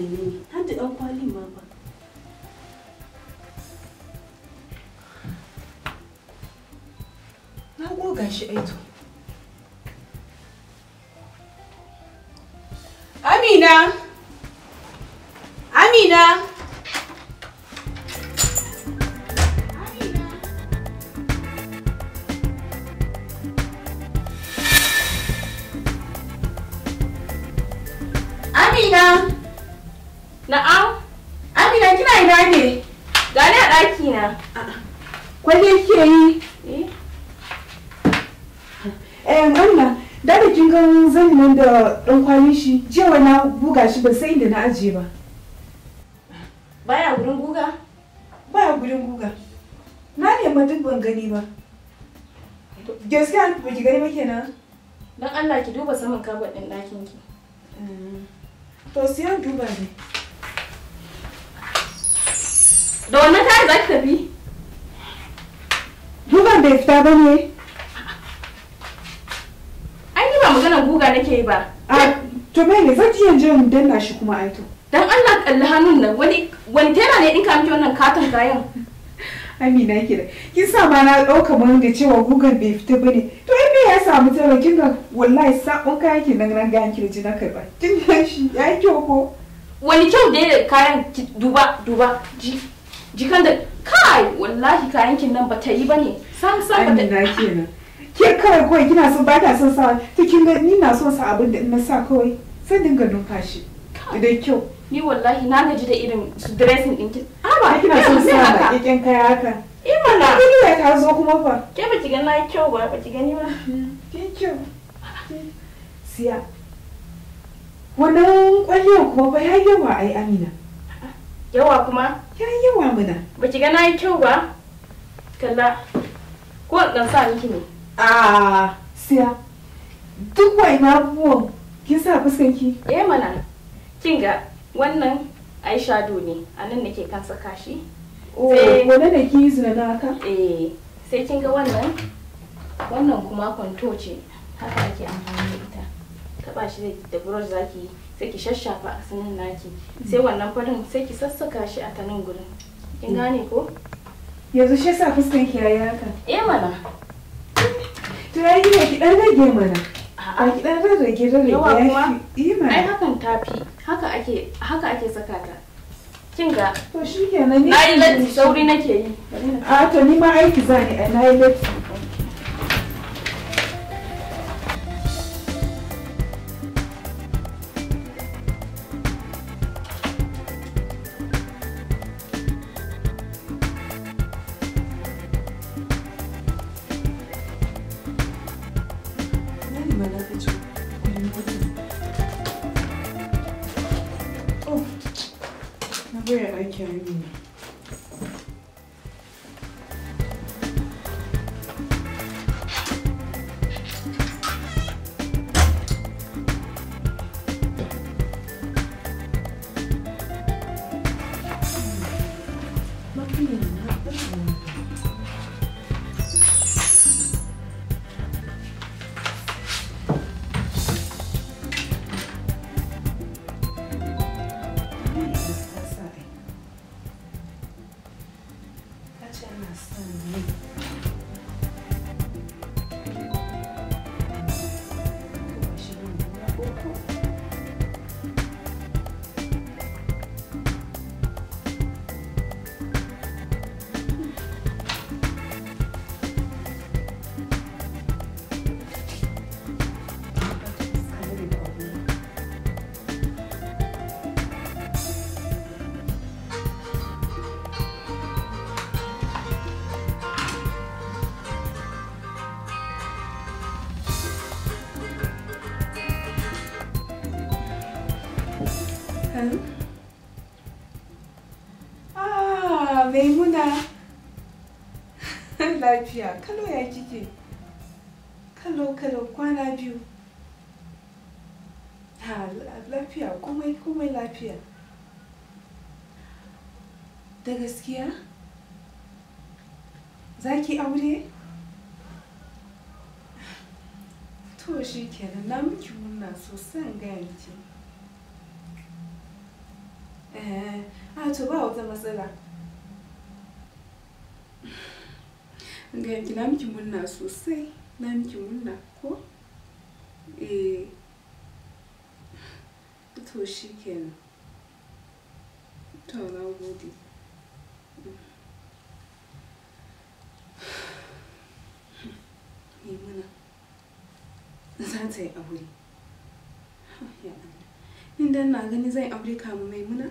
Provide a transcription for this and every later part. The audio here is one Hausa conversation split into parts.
raye ne har da ɗan kwalin ma ba na goga shi aito amina amina eh wannan dada kin ga zani nan da dan kwalin shi jiya na buga shi ba sai inda na aje ba baya gurin guga baya gurin guga na nema duk ban gani ba gaskiya ba ki gani ba kenan dan Allah ki duba saman kabad din ɗakin ki mm. to siyan duba ne da wannan tare za ki tafi duban bai fita ba ne guga nake ba a to me ne zan je in danna shi kuma aito. to dan Allah kalli hannun nan wani wani tera ne dinka miki wannan katon kayan Amina yake da kin sa ma na dauka mun da cewa gugan bai fita bane to in me ya samu tara kin ga wallahi sakon kayan ki nan ga ji na karba kin ga shi ya kyau ko wani kyau da kayan duba duba ji jikan da kai wallahi kayan kin nan ta yi bane sam sam bata Amina kenan ke kawai kawai kina son ba ta son sa to kin ga ni na son sa abin da na sa kawai sai dinga numfashi idan kyau ni wallahi na gaji da irin dressing din ki a ah, ba kina son sa ba kikin kaya haka eh mana kullum ta zo kuma fa ke ba ki ga na kyau ba ba ki gani ba hmm. kin kyau siya wannan kwalliyar kuma ba ya yawa ai amina yawa kuma ya yawa muna ba ki ga na kyau ba kalla ko ɗan sa miki ne a siya duk waina abubuwan kin sa fuskanki eh mana kinga wannan ai ne a nan nake kan saka shi wanda da ki zuna na haka eh sai kinga wannan wannan kuma kwanto ce haka ake amfani da ita taba shi da brush zaki sai ki shashafa a sanin naki sai wannan farin sai ki sassaka shi a tanin gurin kin gane ko yanzu shi sa fuskan ki yayi haka eh mana To ya gina ki dan rage mana. A ki dan rage rage yi mana. Ai hakan tafi. Haka ake haka ake saka ta. Kin ga? To shikenan ni. Ai latti sauri nake yi. A to ni ma aiki zani a na yi latti. 嗯。I'm sorry. lafiya kalo ya kike kalo kalo kwana biyu ha lafiya komai komai lafiya da gaskiya za ki aure to shi kenan na miki murna sosan gaya miki eh a to ba wata matsala ga ki na miki murna sosai na miki murna ko eh to shi kenan to na gode maimuna za ta yi aure inda na gani zai aure kamu maimuna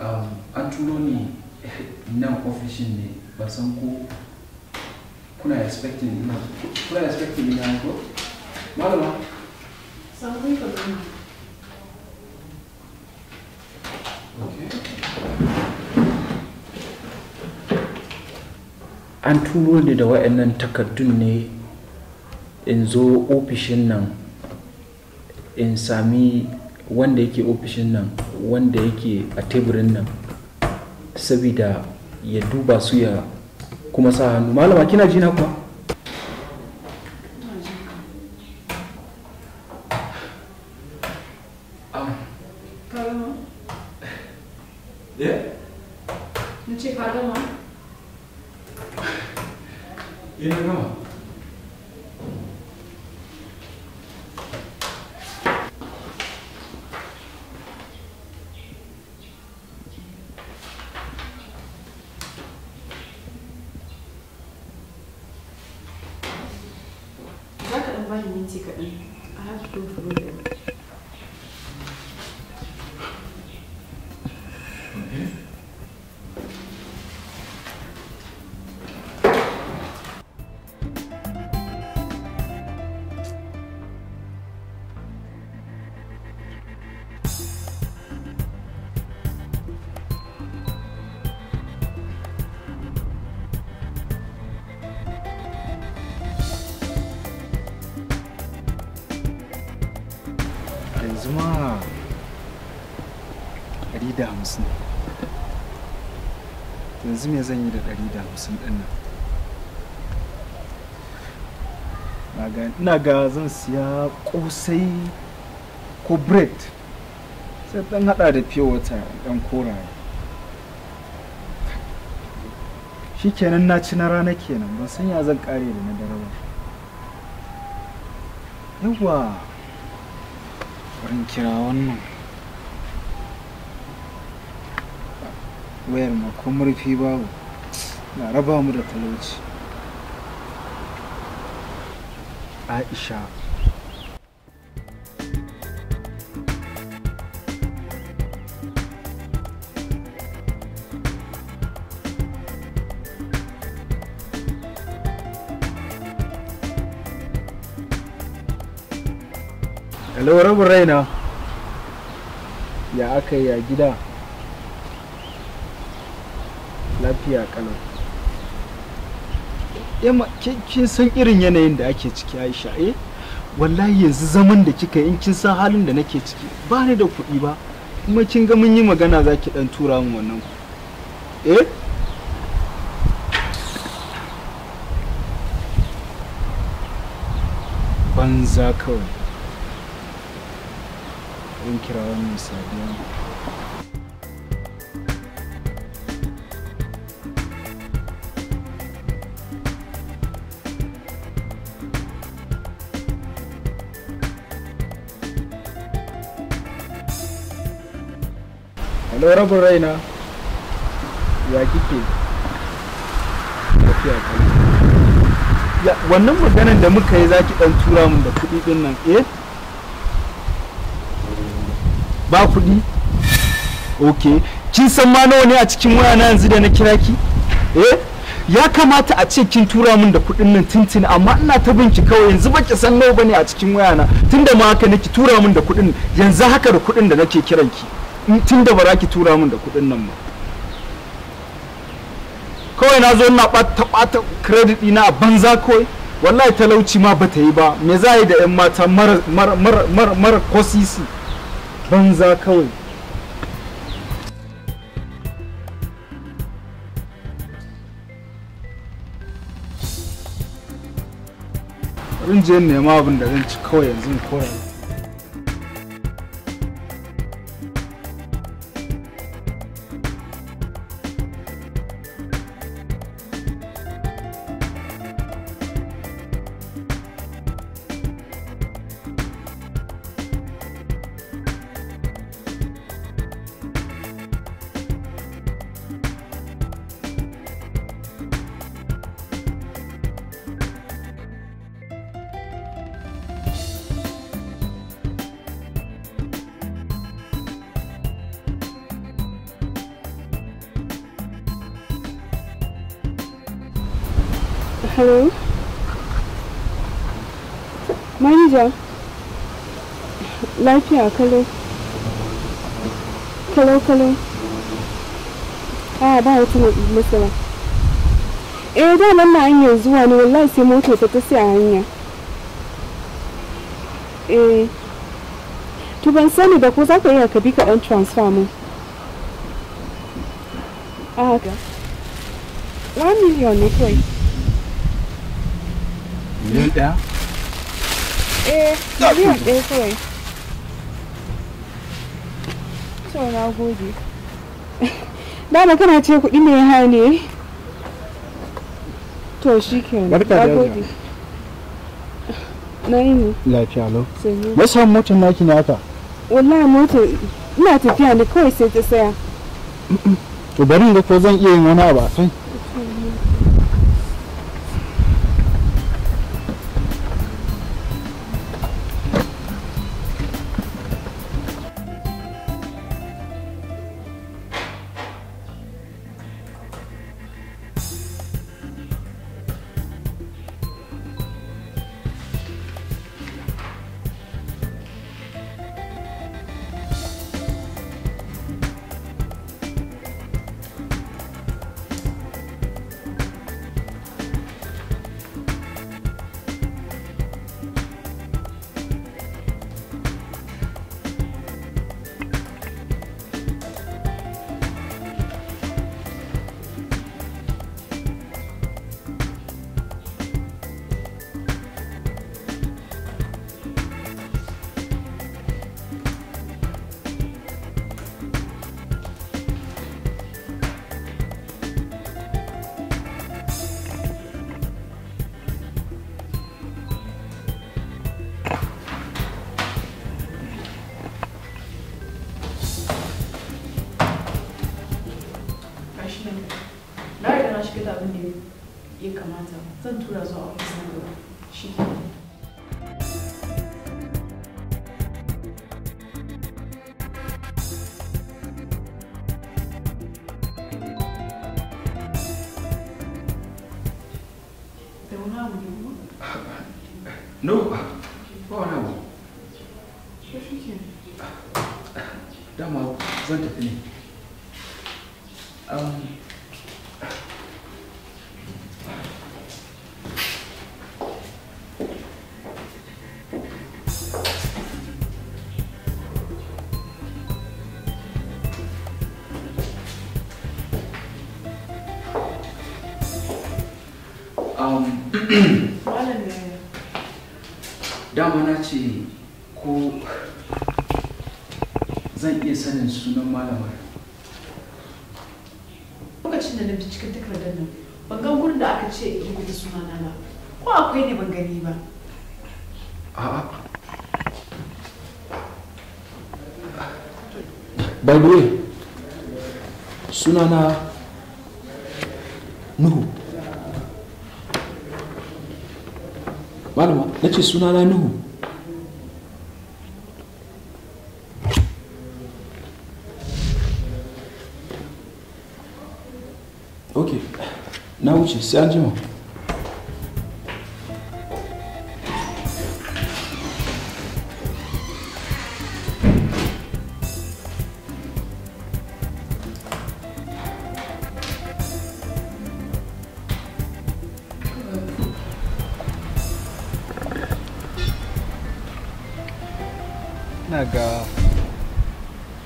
Um, an turo ni nan ofishin ne ba san ko kuna expecting ina kuna expecting ina ko malama san kun ka an turo ni da wa'annan takardun ne in zo ofishin nan in sami wanda yake ofishin nan wanda yake a teburin nan saboda ya duba su ya kuma sa hannu malama kina jina kuma? Yeah? yanzu ma ɗari da hamsin yanzu me zan yi da ɗari da hamsin ɗin nan ina ga zan siya kosai ko bread sai ɗan hada da fiye wata ɗan koraye shi kenan na ci na rana kenan ban san ya zan ƙare da na dare ba bari kira wannan wayar ma ko murfi babu na raba mu da talauci aisha hello raina ya aka yi a gida lafiya kalau kin san irin yanayin da ake ciki aisha eh wallahi yanzu zaman da kika in kin san halin da nake ciki ba ni da kuɗi ba kuma kin ga mun yi magana za ki ɗan tura min wannan ku eh banza kawai zan kira wannan sadiya Hello raina ya kike tafiya kai wannan maganan da muka yi zaki ɗan tura mu da kuɗi din nan eh ba kuɗi ok kin san ma nawa ne a cikin wayana yanzu da na kira ki eh ya kamata a ce kin tura min da kuɗin nan tintin amma ina ta binki kawai yanzu ba ki san nawa bane a cikin waya tunda ma haka nake tura min da kuɗin yanzu haka da kuɗin da nake kiran ki tunda ba za ki tura min da kuɗin nan ba kawai na zo ina ta ɓata credit ɗina a banza kawai wallahi talauci ma bata yi ba me za yi da 'yan mata mara mara mara mara kosisi banza kawai rinjiyar nema abin da zan ci kawai yanzu kora Hello? manija Lafiya kalo kalo? kalau. A ah, ba wata matsala. Eh da nan na hanyar zuwa ne wallahi sai motar ta sai a hanya. Eh. To ban sani ba ko za ka iya ka bi ka dan transfer mu. A ah, haka. 1 million ne kawai. miliyan ɗaya? eh miliyan kuɗi ne ya ne to shi ke barka da ne lafiya motar naki ne haka wallahi ina tafiya ne kawai sai ta saya to bari da ko zan iya yin wani abu a kai shiga da abin da ya kamata zan tura zuwa a gaba shi ke. Um, dama na ce ko zan iya sanin sunan malamar lokacin da na bi cikin takardar nan ban ga gurin da aka ce in rubuta sunana ba ko akwai ne ban gani ba a by the way na ce sunana nuhu ok na wuce sai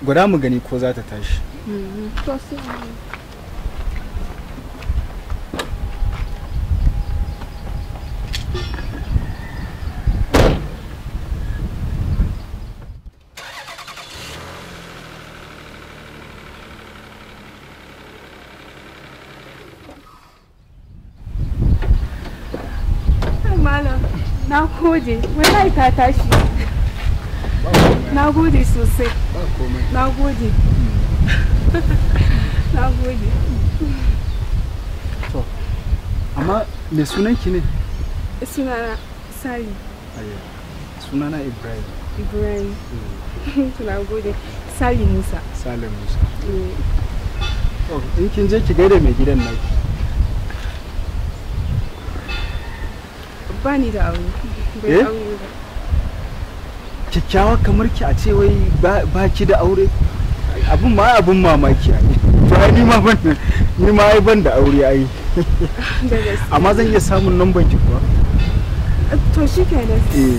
gura mu gani ko za ta tashi na kode, wallahi ta tashi na gode sosai na gode na gode to amma me sunan ki ne sunana sali sunana ibrahim ibrahim mm. na gode sali musa sali musa mm. in kin je ki gaida mai gidan nan ba ni da aure bai eh? aure kyakkyawa kamar ki a ce wai ba ki da aure abin ma abin mamaki ai to ai ni ma ban ni ma ai ban da aure ai amma zan iya samun numban ki kuwa to shikenan eh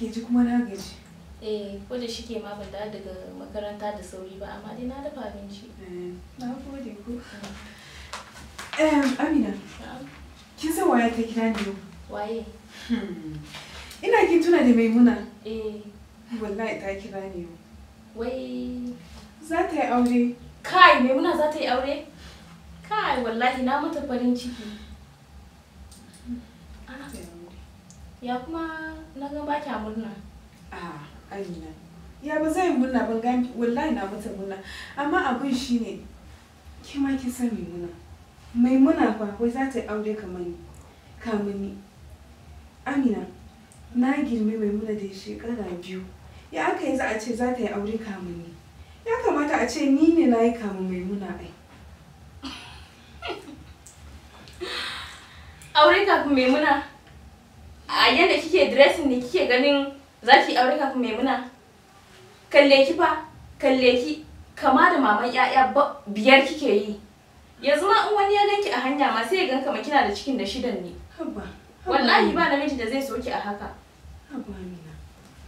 nake ji kuma na gaji. Eh, ko da shike ma ban da daga makaranta da sauri ba amma dai na dafa abinci. Eh, na gode ku. Mm. Amina. Kin san waye ta kira ni Waye? Hmm. Ina kin tuna da Maimuna. Eh. Wallahi ta kira ni Wai. Za ta yi aure. Kai, Maimuna za ta yi aure? Kai, wallahi na mata farin ciki. Ah. ya kuma na ga ba a murna a amina ya ba zai murna ban gani wallahi na mata murna amma abin shine ke ma ki san maimuna maimuna fa wai za ta yi aure kamar ni kamar ni amina na girme maimuna da shekara biyu ya aka yi za a ce za ta yi aure kamar ni ya kamata a ce ni ne na yi kamar maimuna ai aure kafin maimuna a yadda kike dressing ne kike ganin za ki aure kafin maimuna kalle ki fa kalle ki kama da maman yaya biyar kike yi yanzu ma in wani ya ganki a hanya ma sai ya ganka ma kina da cikin da shidan ne wallahi ba namiji da zai soki a haka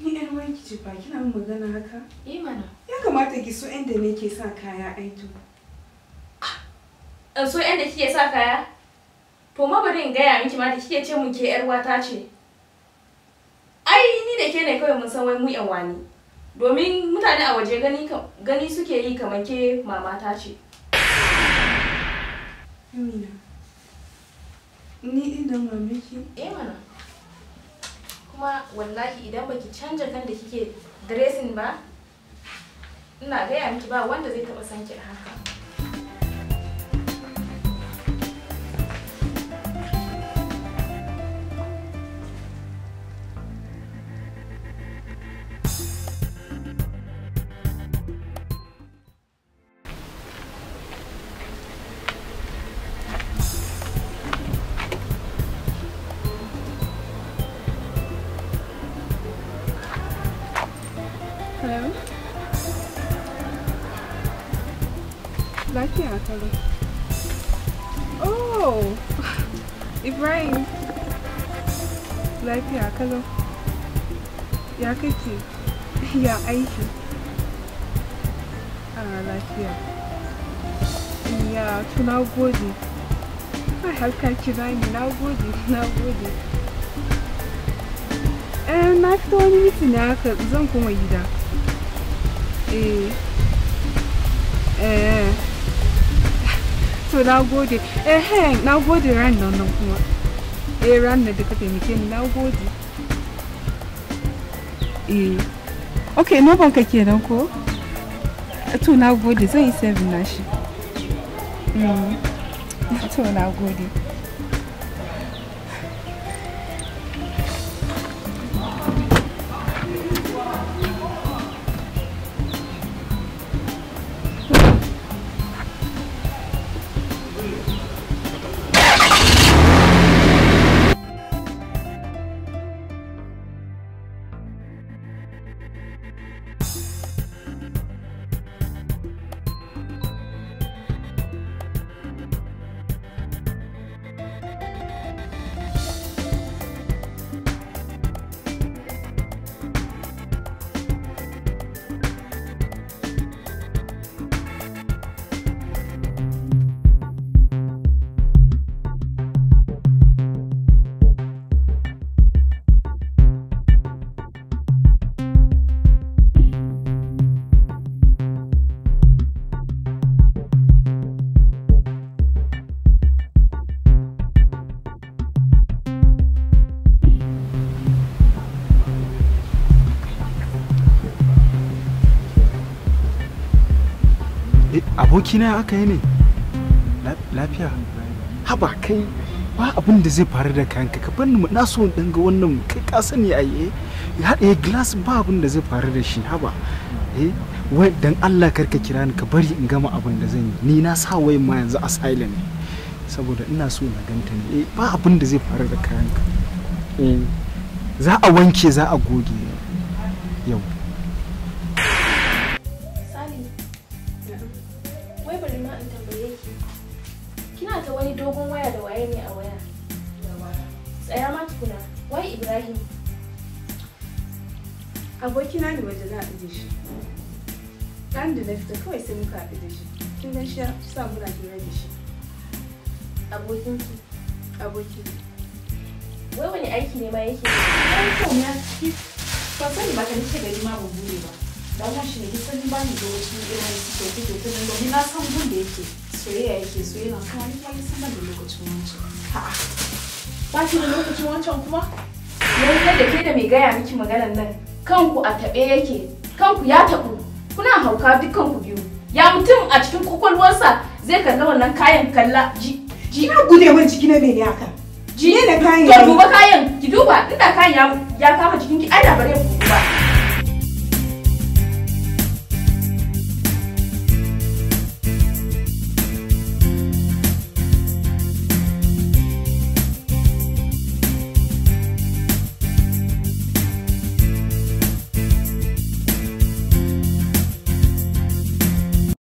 ni yan wanki ce ba kina min magana haka eh mana ya kamata ki so inda ne ke sa kaya aito ah, so inda kike sa kaya To ma bari in gaya miki ma kike ce mun ke yar wata ce. Ai ni da ke ne kawai mun san wai mu yan wani. Domin mutane a waje gani gani suke yi kamar ke mama ta ce. Amina. Ni idan Eh mana. Kuma wallahi idan baki canja kan da kike dressing ba ina gaya miki ba wanda zai taba sanki da haka. Natalie? Né? Oh! Ibrahim! Lafiya kalau. Ya kake? Ah, ya Ah, A lafiya. Ya to na gode. Kai halka kira ni na gode, na gode. Eh na fito wani miti ne haka zan koma Eh. Eh. to na gode ehe na gode ran nan nan kuma eh ran da ka taimake na gode eh ok noban ka kenan ko to na gode zan yi seven na shi hmm. to na gode abokina aka yi ne lafiya haba kai ba abin da zai faru da kanka ka bani na so in ga wannan kai ka sani a yi eh? haɗe glass ba abin da zai faru da shi haba eh wai dan Allah karka kira ni ka bari in gama abin da zan yi ni na sa wai ma yanzu a silent saboda ina so na ganta ne eh ba abin da zai faru da kanka eh mm. za a wanke za a goge yau sa muna hira da shi abokin su abokin wai wani aiki ne ma yake aikin ya ci ba sani ba ka nake gari ma ban bude ba da wannan shi ne kusan ba ni da wasu irin su tofi tofi nan domin na san gun da yake soyayya yake so yana kuma ni kuma san ban da lokacin wancan a'a ba ki da lokacin wancan kuma yanzu da ke da mai gaya miki maganar nan kanku a taɓe yake kanku ya taɓu kuna hauka dukkan ku biyu ya mutum a cikin kwakwalwarsa zai kalla wannan kayan kalla ji ji na gude mun ciki na mene haka ji ne kayan to duba kayan ki duba inda kayan ya kama jikinki ai da bare ku ba